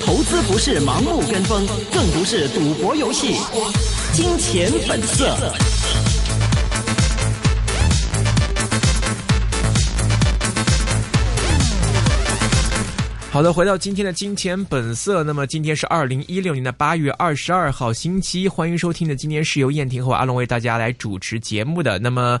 投資不是盲目跟風，更不是賭博遊戲。金錢本色。 好的，回到今天的金錢本色。那麼今天是二零一六年的八月二十二號，星期一。歡迎收聽的今天是由燕婷和阿龍為大家來主持節目的。那麼。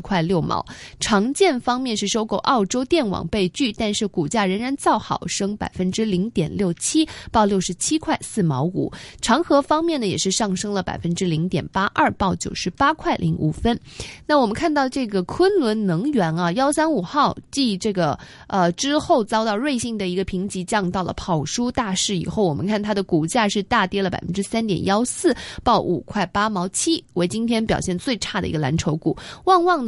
塊六毛。長建方面是收購澳洲電網被拒，但是股價仍然造好，升百分之零點六七，報六十七塊四毛五。長和方面呢，也是上升了百分之零點八二，報九十八塊零五分。那我們看到這個昆侖能源啊，幺三五號繼這個呃之後遭到瑞信的一個評級降到了跑輸大市以後，我們看它的股價是大跌了百分之三點幺四，報五塊八毛七，為今天表現最差的一個藍籌股。旺旺呢。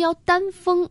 要單封。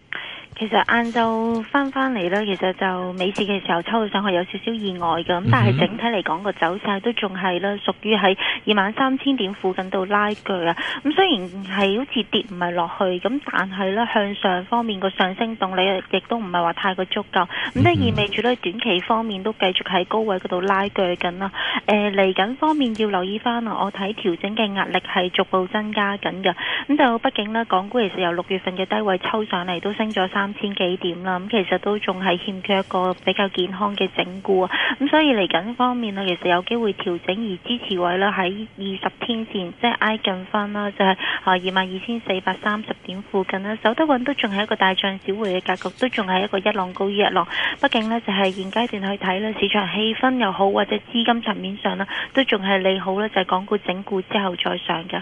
其實晏晝翻返嚟呢，其實就美市嘅時候抽上去有少少意外嘅，咁但係整體嚟講個走勢都仲係咧，屬於喺二萬三千點附近度拉鋸啊。咁雖然係好似跌唔係落去，咁但係咧，向上方面個上升動力亦都唔係話太過足夠，咁即係意味住咧，短期方面都繼續喺高位嗰度拉鋸緊啦。誒，嚟緊方面要留意翻啦，我睇調整嘅壓力係逐步增加緊嘅。咁就畢竟呢，港股其實由六月份嘅低位抽上嚟都升咗三。千幾點啦，咁其實都仲係欠缺一個比較健康嘅整固啊，咁所以嚟緊方面呢，其實有機會調整，而支持位咧喺二十天線，即係挨近翻啦，就係啊二萬二千四百三十點附近啦。守得穩都仲係一個大漲小回嘅格局，都仲係一個一浪高於一浪。畢竟呢，就係現階段去睇咧，市場氣氛又好，或者資金層面上呢，都仲係利好咧，就係港股整固之後再上嘅。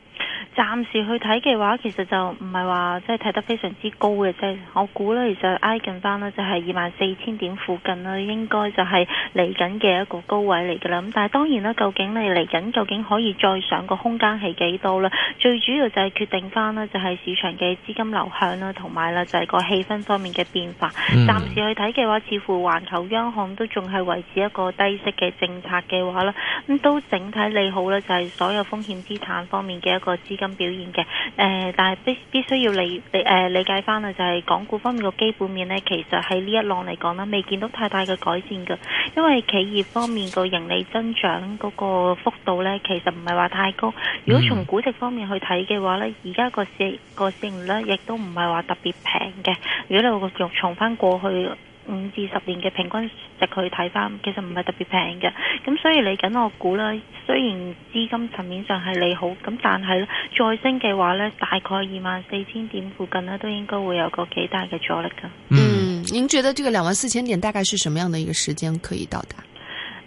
暫時去睇嘅話，其實就唔係話即係睇得非常之高嘅啫。我估咧，其實挨近翻咧就係二萬四千點附近啦，應該就係嚟緊嘅一個高位嚟㗎啦。咁但係當然啦，究竟你嚟緊究竟可以再上個空間係幾多咧？最主要就係決定翻咧，就係市場嘅資金流向啦，同埋呢就係個氣氛方面嘅變化、嗯。暫時去睇嘅話，似乎環球央行都仲係維持一個低息嘅政策嘅話啦，咁都整體利好咧，就係、是、所有風險資產方面嘅一個資金。表現嘅，誒，但係必必須要理誒理、呃、理解翻啦，就係、是、港股方面個基本面咧，其實喺呢一浪嚟講咧，未見到太大嘅改善嘅，因為企業方面個盈利增長嗰個幅度咧，其實唔係話太高。如果從估值方面去睇嘅話咧，而家個市個市盈率亦都唔係話特別平嘅。如果你又從翻過去。五至十年嘅平均值，去睇返，其實唔係特別平嘅。咁所以嚟緊我估啦，雖然資金層面上係利好，咁但係咧再升嘅話咧，大概二萬四千點附近咧，都應該會有個幾大嘅阻力噶。嗯，您覺得這個兩萬四千點大概是什麼樣的一個時間可以到達？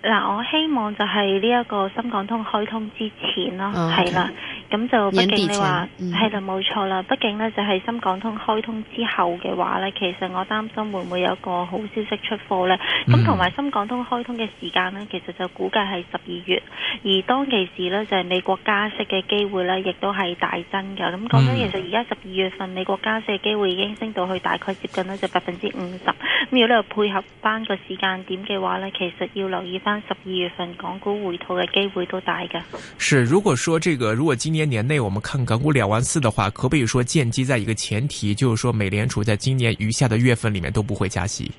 嗱、嗯，我希望就係呢一個深港通開通之前咯，係、嗯、啦。Okay. 咁就畢竟你話係啦，冇錯啦。畢、嗯、竟呢，就係、是、深港通開通之後嘅話呢，其實我擔心會唔會有個好消息出貨呢？咁同埋深港通開通嘅時間呢，其實就估計係十二月。而當其時呢，就係、是、美國加息嘅機會呢，亦都係大增㗎。咁講緊其實而家十二月份美國加息嘅機會已經升到去大概接近呢就百分之五十。咁、嗯、如果你配合翻個時間點嘅話呢，其實要留意翻十二月份港股回吐嘅機會都大㗎。是，如果說這個，如果今年。年內我們看港股兩萬四的話，可不可以說建基在一個前提，就是說美聯儲在今年餘下的月份裏面都不會加息？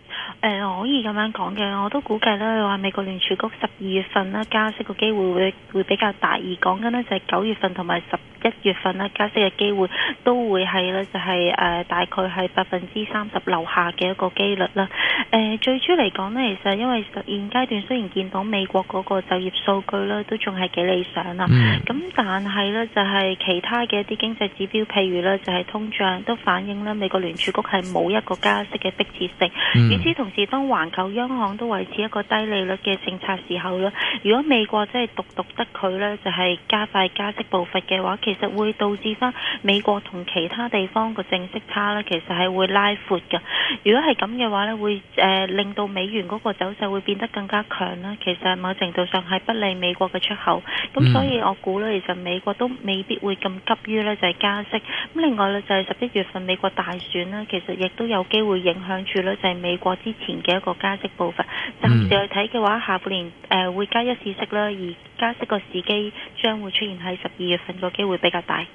誒、呃，可以咁樣講嘅，我都估計咧，你話美國聯儲局十二月份咧加息嘅機會會會比較大，而講緊呢就係、是、九月份同埋十一月份咧加息嘅機會都會係呢，就係、是、誒、呃、大概係百分之三十樓下嘅一個機率啦。誒、呃，最初嚟講呢，其實因為現階段雖然見到美國嗰個就業數據呢都仲係幾理想啦，咁、mm. 但係呢，就係、是、其他嘅一啲經濟指標，譬如呢就係、是、通脹都反映呢美國聯儲局係冇一個加息嘅迫切性，與、mm. 此同是當環球央行都維持一個低利率嘅政策時候咧，如果美國真係獨獨得佢呢就係、是、加快加息步伐嘅話，其實會導致翻美國同其他地方個正息差呢其實係會拉闊㗎。如果係咁嘅話呢會誒、呃、令到美元嗰個走勢會變得更加強啦。其實某程度上係不利美國嘅出口。咁所以我估呢，其實美國都未必會咁急於呢就係加息。咁另外呢，就係十一月份美國大選呢，其實亦都有機會影響住呢就係美國之前嘅一個加息步伐，暫時去睇嘅話，下半年誒會加一試息啦，而加息個時機將會出現喺十二月份個機會比較大。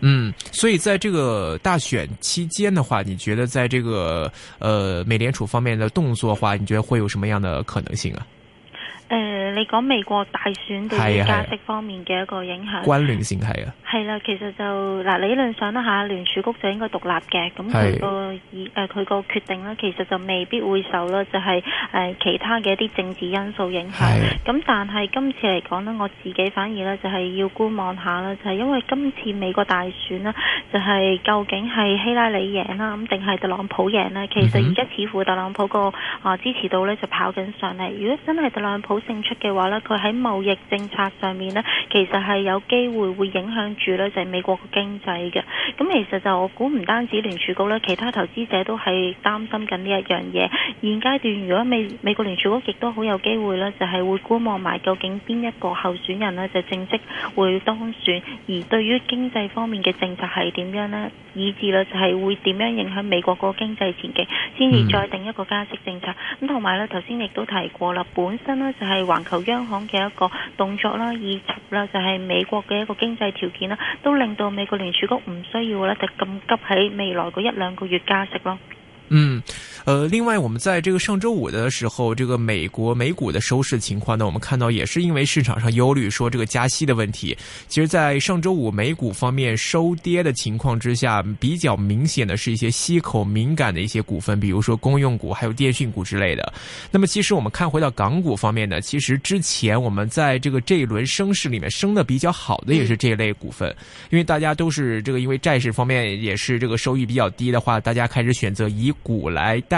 嗯，所以在這個大選期間嘅話，你覺得在這個呃美聯儲方面嘅動作嘅話，你覺得會有什麼樣的可能性啊？誒、呃，你講美國大選對於加息方面嘅一個影響，啊啊、關聯先係啊。係啦、啊，其實就嗱理、啊、論上啦吓，聯儲局就應該獨立嘅，咁佢個意誒佢個決定呢，其實就未必會受啦，就係、是、誒、呃、其他嘅一啲政治因素影響。咁、啊、但係今次嚟講呢，我自己反而呢，就係要觀望下啦，就係、是、因為今次美國大選呢，就係、是、究竟係希拉里贏啦，咁定係特朗普贏呢？其實而家似乎特朗普個啊、呃、支持度呢，就跑緊上嚟，如果真係特朗普，勝出嘅話呢，佢喺貿易政策上面呢，其實係有機會會影響住呢，就係美國嘅經濟嘅。咁其實就我估唔單止聯儲局呢，其他投資者都係擔心緊呢一樣嘢。現階段如果美美國聯儲局亦都好有機會呢，就係會觀望埋究竟邊一個候選人呢，就正式會當選。而對於經濟方面嘅政策係點樣呢？以至呢，就係會點樣影響美國個經濟前景，先至再定一個加息政策。咁同埋呢頭先亦都提過啦，本身呢。就係。係環球央行嘅一個動作啦，以及啦就係、是、美國嘅一個經濟條件啦，都令到美國聯儲局唔需要啦，就咁急喺未來嗰一兩個月加息咯。嗯。呃，另外我們在這個上周五的時候，這個美國美股的收市情況呢，我們看到也是因為市場上憂慮說這個加息的問題。其實，在上周五美股方面收跌的情況之下，比較明顯的是一些息口敏感的一些股份，比如說公用股還有電訊股之類的。那麼，其實我們看回到港股方面呢，其實之前我們在這個這一輪升勢裏面升的比較好的也是這一類股份，因為大家都是這個因為債市方面也是這個收益比較低的話，大家開始選擇以股來代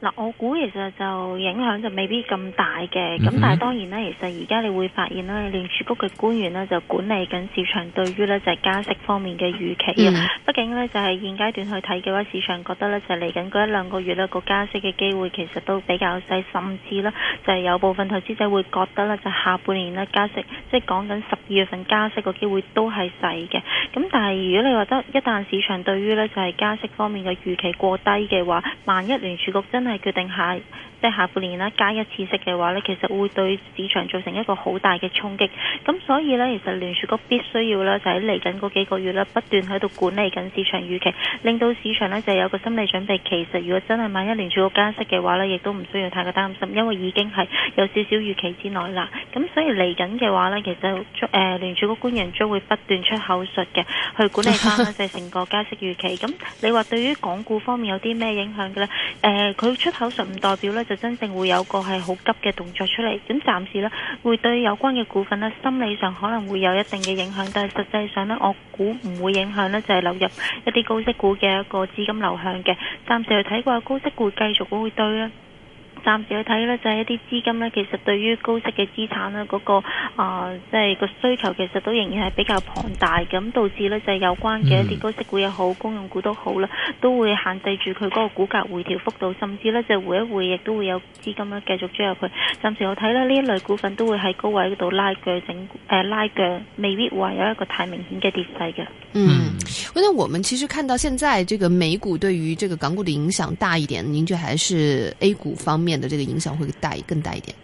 嗱，我估其實就影響就未必咁大嘅，咁、mm -hmm. 但係當然咧，其實而家你會發現咧，聯儲局嘅官員咧就管理緊市場對於咧就係加息方面嘅預期啊。畢、mm -hmm. 竟咧就係現階段去睇嘅話，市場覺得咧就係嚟緊嗰一兩個月咧個加息嘅機會其實都比較細，甚至咧就係有部分投資者會覺得咧就下半年咧加息，即係講緊十二月份加息個機會都係細嘅。咁但係如果你話得一旦市場對於咧就係加息方面嘅預期過低嘅話，萬一聯儲局真，係決定下，即係下半年啦，加一次息嘅話咧，其實會對市場造成一個好大嘅衝擊。咁所以咧，其實聯儲局必須要咧就喺嚟緊嗰幾個月啦，不斷喺度管理緊市場預期，令到市場咧就有個心理準備。其實如果真係萬一聯儲局加息嘅話咧，亦都唔需要太過擔心，因為已經係有少少預期之內啦。咁所以嚟緊嘅話咧，其實誒聯儲局官員將會不斷出口術嘅，去管理翻就係成個加息預期。咁 你話對於港股方面有啲咩影響嘅咧？誒、呃，佢出口術唔代表咧？就真正會有個係好急嘅動作出嚟，咁暫時咧會對有關嘅股份咧心理上可能會有一定嘅影響，但係實際上咧我估唔會影響咧，就係、是、流入一啲高息股嘅一個資金流向嘅，暫時去睇過高息股繼續會對啦。暫時去睇咧，就係、是、一啲資金咧，其實對於高息嘅資產咧、那個，嗰個啊，即、就、係、是、個需求其實都仍然係比較龐大，咁導致咧就係、是、有關嘅一啲高息股又好，公用股都好啦，都會限制住佢嗰個股價回調幅度，甚至咧就是、回一回，亦都會有資金咧繼續追入去。暫時我睇咧，呢一類股份都會喺高位嗰度拉鋸整，誒、呃、拉鋸，未必話有一個太明顯嘅跌勢嘅。嗯，我想我哋其實看到現在，這個美股對於這個港股嘅影響大一點，您就還是 A 股方面。面的這個影響會大更大一點。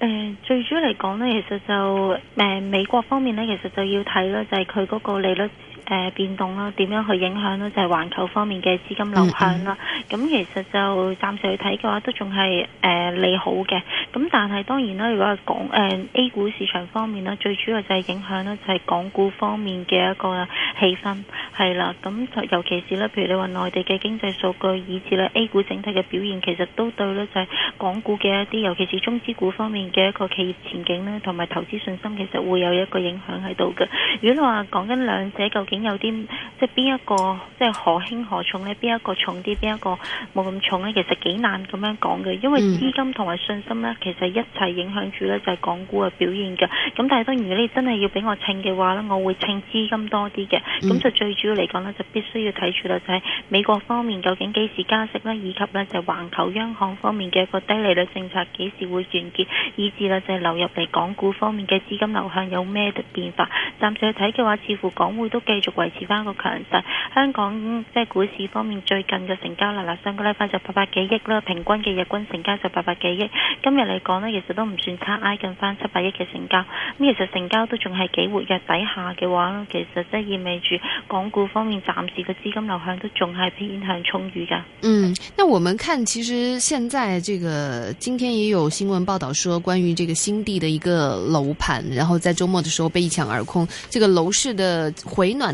誒、呃，最主要嚟講咧，其實就誒、呃、美國方面咧，其實就要睇啦，就係佢嗰個利率。誒、呃、變動啦，點樣去影響呢？就係、是、環球方面嘅資金流向啦。咁其實就暫時去睇嘅話，都仲係誒利好嘅。咁但係當然啦，如果講誒、呃、A 股市場方面啦，最主要就係影響呢，就係、是、港股方面嘅一個氣氛係啦。咁就尤其是呢，譬如你話內地嘅經濟數據以至呢 A 股整體嘅表現，其實都對呢，就係、是、港股嘅一啲，尤其是中資股方面嘅一個企業前景呢，同埋投資信心，其實會有一個影響喺度嘅。如果你話講緊兩者究竟。竟有啲即係邊一個即係何輕何重咧？邊一個重啲？邊一個冇咁重咧？其實幾難咁樣講嘅，因為資金同埋信心咧，其實一齊影響住咧就係港股嘅表現嘅。咁但係當然，如果你真係要俾我稱嘅話咧，我會稱資金多啲嘅。咁、嗯、就最主要嚟講咧，就必須要睇住啦，就係美國方面究竟幾時加息咧，以及咧就環球央行方面嘅一個低利率政策幾時會完結，以至呢就係流入嚟港股方面嘅資金流向有咩變化。暫時去睇嘅話，似乎港匯都繼續維持翻個強勢，香港、嗯、即係股市方面最近嘅成交嗱嗱聲，上個禮拜就八百幾億啦，平均嘅日均成交就八百幾億。今日嚟講呢，其實都唔算差，挨近翻七百億嘅成交。咁、嗯、其實成交都仲係幾活躍，底下嘅話其實即係意味住港股方面暫時嘅資金流向都仲係偏向充裕噶。嗯，那我們看，其實現在這個今天也有新聞報道說，關於這個新地的一個樓盤，然後在周末的時候被一搶而空，這個樓市的回暖。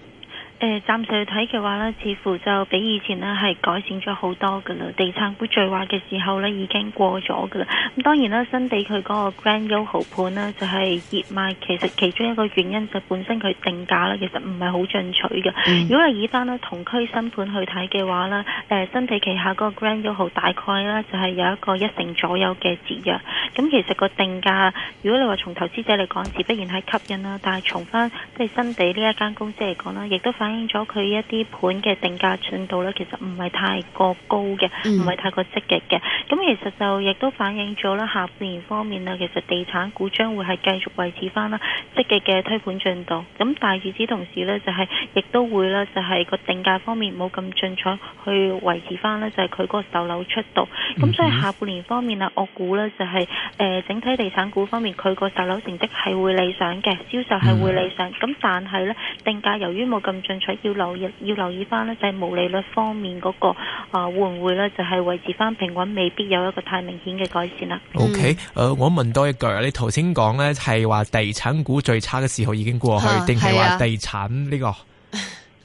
誒暫時去睇嘅話咧，似乎就比以前咧係改善咗好多噶啦。地產股最壞嘅時候咧已經過咗噶啦。咁當然啦，新地佢嗰個 Grand YOHO 盤呢，就係熱賣，其實其中一個原因就本身佢定價啦，其實唔係好進取嘅、嗯。如果係以返同區新盤去睇嘅話咧，誒新地旗下嗰個 Grand YOHO 大概呢，就係有一個一成左右嘅節約。咁其實個定價，如果你話從投資者嚟講，自不然係吸引啦。但係從翻即係新地呢一間公司嚟講啦，亦都反。反映咗佢一啲盤嘅定價進度咧，其實唔係太過高嘅，唔、嗯、係太過積極嘅。咁其實就亦都反映咗啦，下半年方面啊，其實地產股將會係繼續維持翻啦積極嘅推盤進度。咁但係與此同時咧，就係、是、亦都會咧，就係個定價方面冇咁進取去維持翻咧，就係佢個售樓出度。咁所以下半年方面啊，我估咧就係、是、誒、呃、整體地產股方面，佢個售樓成績係會理想嘅，銷售係會理想嘅。咁、嗯、但係咧，定價由於冇咁進。要留意，要留意翻咧，就係毛利率方面嗰、那個啊，會唔會咧就係維持翻平穩，未必有一個太明顯嘅改善啦。OK，誒，我問多一句，你頭先講咧係話地產股最差嘅時候已經過去，定係話地產呢、這個？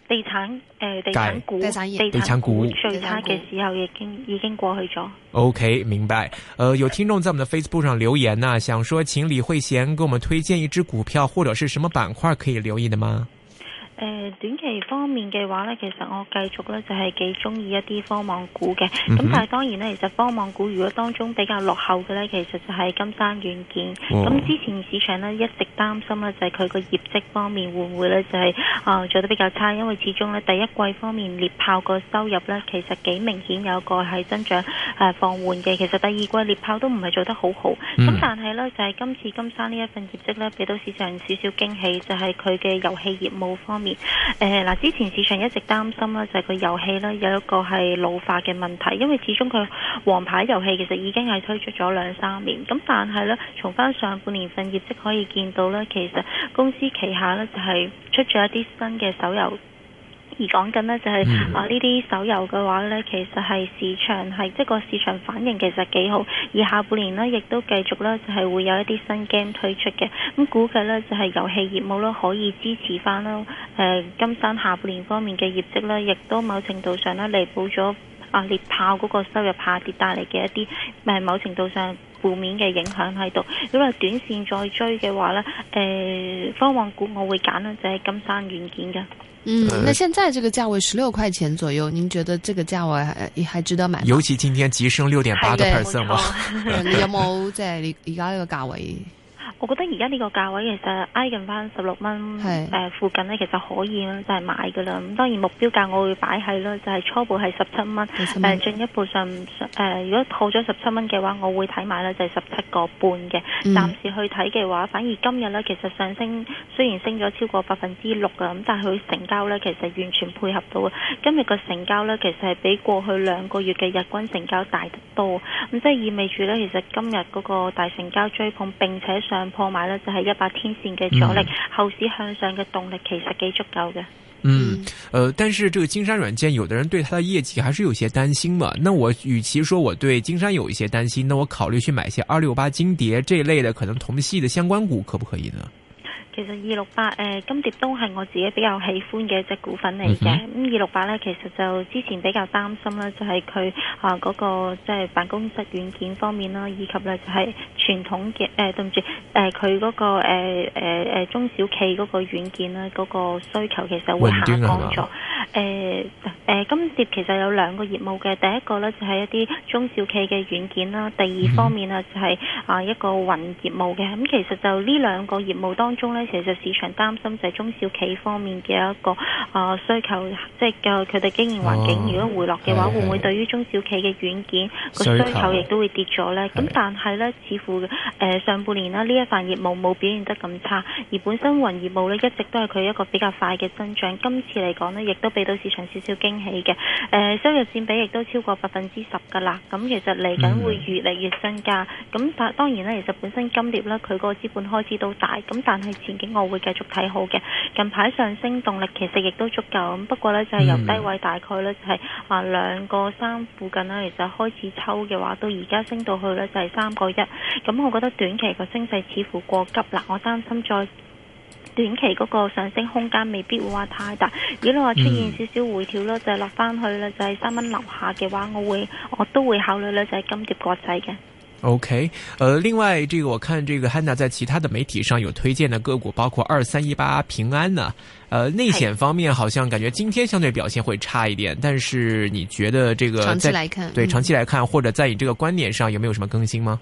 地產誒、呃，地產股地產，地產股最差嘅時候已經已經過去咗。O、okay, K，明白。誒、呃，有聽眾在我們的 Facebook 上留言啊，想說請李惠嫻給我們推薦一支股票或者是什麼板塊可以留意的嗎？誒短期方面嘅話咧，其實我繼續咧就係幾中意一啲科網股嘅。咁、mm -hmm. 但係當然咧，其實科網股如果當中比較落後嘅咧，其實就係金山軟件。咁、oh. 之前市場咧一直擔心啊，就係佢個業績方面會唔會咧就係、是、啊、呃、做得比較差，因為始終咧第一季方面獵豹個收入咧其實幾明顯有個係增長、呃、放緩嘅。其實第二季獵豹都唔係做得好好。咁、mm -hmm. 但係咧就係今次金山呢一份業績咧，俾到市場少少驚喜，就係佢嘅遊戲業務方面。誒，嗱，之前市場一直擔心咧，就係個遊戲咧有一個係老化嘅問題，因為始終佢皇牌遊戲其實已經係推出咗兩三年，咁但係呢，從翻上半年份業績可以見到呢，其實公司旗下呢就係出咗一啲新嘅手遊。而講緊、啊、呢，就係啊呢啲手遊嘅話呢，其實係市場係即係個市場反應其實幾好，而下半年呢，亦都繼續呢，就係、是、會有一啲新 game 推出嘅，咁估計呢，就係遊戲業務呢可以支持返咯，呃、金山下半年方面嘅業績呢，亦都某程度上呢，彌補咗啊獵豹嗰個收入下跌帶嚟嘅一啲、呃、某程度上。負面嘅影響喺度，如果係短線再追嘅話咧，誒，方旺股我會揀啦，就係金山軟件嘅。嗯，那現在這個價位十六塊錢左右，您覺得這個價位還，還值得買？尤其今天急升六點八個 percent 喎？ 你有冇即係而家呢個價位？我覺得而家呢個價位其實挨近翻十六蚊誒附近呢，其實可以就係、是、買噶啦。咁當然目標價我會擺喺咯，就係、是、初步係十七蚊誒。進、呃、一步上誒、呃，如果套咗十七蚊嘅話，我會睇埋啦，就係十七個半嘅。暫時去睇嘅話，反而今日咧，其實上升，雖然升咗超過百分之六啊，咁但係佢成交咧，其實完全配合到的。今日個成交咧，其實係比過去兩個月嘅日均成交大得多。咁即係意味住咧，其實今日嗰個大成交追捧並且上，破買呢，就係一百天線嘅阻力，後市向上嘅動力其實幾足夠嘅。嗯，呃，但是這個金山軟件，有的人對它的業績還是有些擔心嘛。那我與其說我對金山有一些擔心，那我考慮去買一些二六八金蝶這一類的可能同系的相關股，可不可以呢？其實二六八誒金蝶，都係我自己比較喜歡嘅一隻股份嚟嘅，咁二六八咧其實就之前比較擔心啦，就係、是、佢啊嗰、那個即係、就是、辦公室軟件方面啦，以及咧就係傳統嘅誒、呃、對唔住誒佢嗰個誒誒誒中小企嗰個軟件啦，嗰、那個需求其實會下降咗。誒誒金碟其實有兩個業務嘅，第一個咧就係一啲中小企嘅軟件啦，第二方面啊就係啊一個雲業務嘅。咁、嗯、其實就呢兩個業務當中咧，其實市場擔心就係中小企方面嘅一個啊、呃、需求，即係佢佢哋經營環境、哦、如果回落嘅話，的會唔會對於中小企嘅軟件個需求亦都會跌咗咧？咁但係咧，似乎誒、呃、上半年啦呢一份業務冇表現得咁差，而本身雲業務咧一直都係佢一個比較快嘅增長，今次嚟講咧亦都俾。到市場少少驚喜嘅，誒、呃、收入佔比亦都超過百分之十㗎喇，咁其實嚟緊會越嚟越增加。咁、mm、但 -hmm. 當然呢，其實本身金蝶呢，佢個資本開支都大，咁但係前景我會繼續睇好嘅。近排上升動力其實亦都足夠，咁不過呢，就係、是、由低位大概呢，就係啊兩個三附近咧，其實開始抽嘅話，到而家升到去呢，就係三個一。咁我覺得短期個升勢似乎過急啦，我擔心再。短期嗰個上升空間未必會話太大，如果我出現少少回調咯、嗯，就係落翻去啦，就係三蚊樓下嘅話，我會我都會考慮咧，就係金蝶國際嘅。OK，呃，另外，這個我看這個 Hannah 在其他的媒體上有推薦的個股，包括二三一八平安呢。呃，內險方面好像感覺今天相對表現會差一點，但是你覺得這個長期來看，對長期來看、嗯，或者在你這個觀點上，有沒有什麼更新嗎？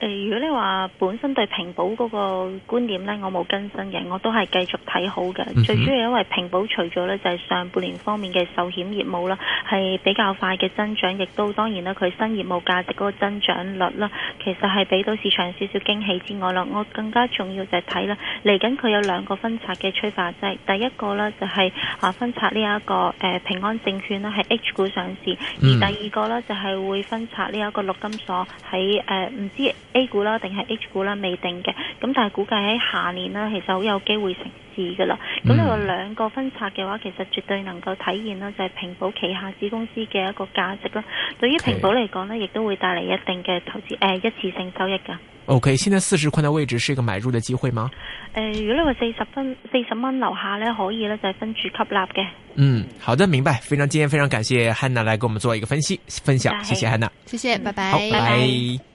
誒、呃，如果你話本身對平保嗰個觀點咧，我冇更新嘅，我都係繼續睇好嘅、嗯。最主要因為平保除咗咧，就係、是、上半年方面嘅壽險業務啦，係比較快嘅增長，亦都當然啦，佢新業務價值嗰個增長率啦，其實係俾到市場少少驚喜之外啦。我更加重要就係睇啦，嚟緊佢有兩個分拆嘅催化劑，即第一個咧就係啊分拆呢、這、一個誒、呃、平安證券啦，係 H 股上市，而第二個咧就係會分拆呢一個陸金所喺誒唔知。A 股啦，定係 H 股啦，未定嘅。咁但係估計喺下年啦，其實好有機會成事噶啦。咁呢個兩個分拆嘅話，其實絕對能夠體現啦，就係平保旗下子公司嘅一個價值啦。對於平保嚟講呢，亦、okay. 都會帶嚟一定嘅投資誒、呃、一次性收益噶。OK，現在四十塊嘅位置是一個買入嘅機會嗎？誒、呃，如果你話四十分、四十蚊樓下呢，可以呢，就係分注吸納嘅。嗯，好的，明白。非常，今天非常感謝 Hannah 來給我們做一個分析分享，謝謝 Hannah，謝謝，拜拜，拜，拜。